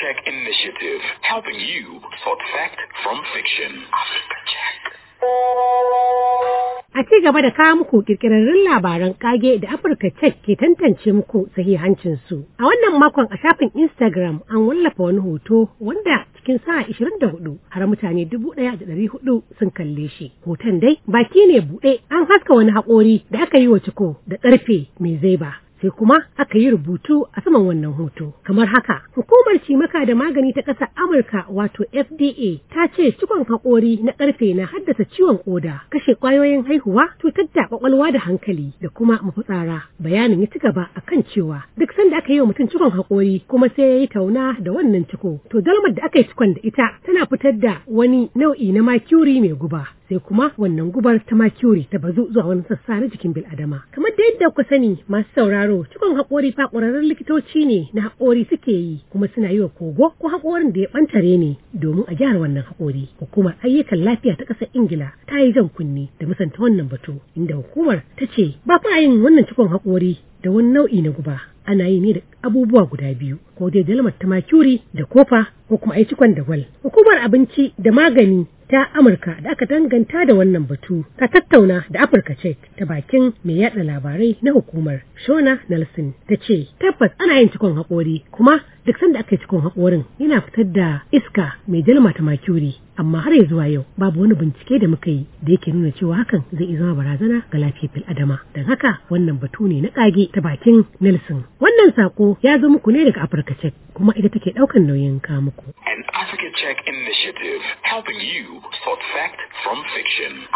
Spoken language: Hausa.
Check Initiative, helping you sort fact from fiction. Africa Check. A ci gaba da kawo muku kirkirarrun labaran kage da Afirka Check ke tantance muku sahihancinsu. A wannan makon a shafin Instagram an wallafa wani hoto wanda cikin sa'a 24 har mutane 1,400 sun kalle shi. Hoton dai baki ne buɗe an haska wani haƙori da aka yi wa ciko da ƙarfe mai zai ba. sai kuma aka yi rubutu a saman wannan hoto kamar haka hukumar cimaka da magani ta ƙasar amurka wato fda ta ce cikon haƙori na ƙarfe na haddasa ciwon ƙoda kashe ƙwayoyin haihuwa cutar da ƙwaƙwalwa da hankali da kuma mafitsara bayanin ya ci gaba a kan cewa duk sanda aka yi wa mutum cikon haƙori kuma sai ya yi tauna da wannan ciko to dalmar da aka yi cikon da ita tana fitar da wani nau'i na makuri mai guba sai kuma wannan gubar ta makiyori ta bazu zuwa wani sassa na jikin bil'adama kamar da yadda kuka sani masu sauraro cikon haƙori fa ƙwararren likitoci ne na haƙori suke yi kuma suna yi wa kogo ko haƙorin da ya ɓantare ne domin a gyara wannan haƙori hukumar ayyukan lafiya ta ƙasar ingila ta yi jan kunne da musanta wannan batu inda hukumar ta ce ba fa yin wannan cikon haƙori da wani nau'i na guba ana yi ne da abubuwa guda biyu ko dai dalmar ta makiyori da kofa ko kuma ai cikon da gwal hukumar abinci da magani ta Amurka da aka danganta da wannan batu ta tattauna da Afirka ce ta bakin mai yada labarai na hukumar Shona Nelson ta ce tabbas ana yin cikon haƙori kuma duk sanda aka yi cikon haƙorin yana fitar da iska mai jalma ta makuri amma har ya zuwa yau babu wani bincike da muka yi da yake nuna cewa hakan zai iya zama barazana ga lafiyar bil'adama don haka wannan batu ne na kage ta bakin Nelson wannan sako ya zo muku ne daga Afirka Check kuma ita take daukan nauyin ka muku An Africa Check Initiative helping you sort fact from fiction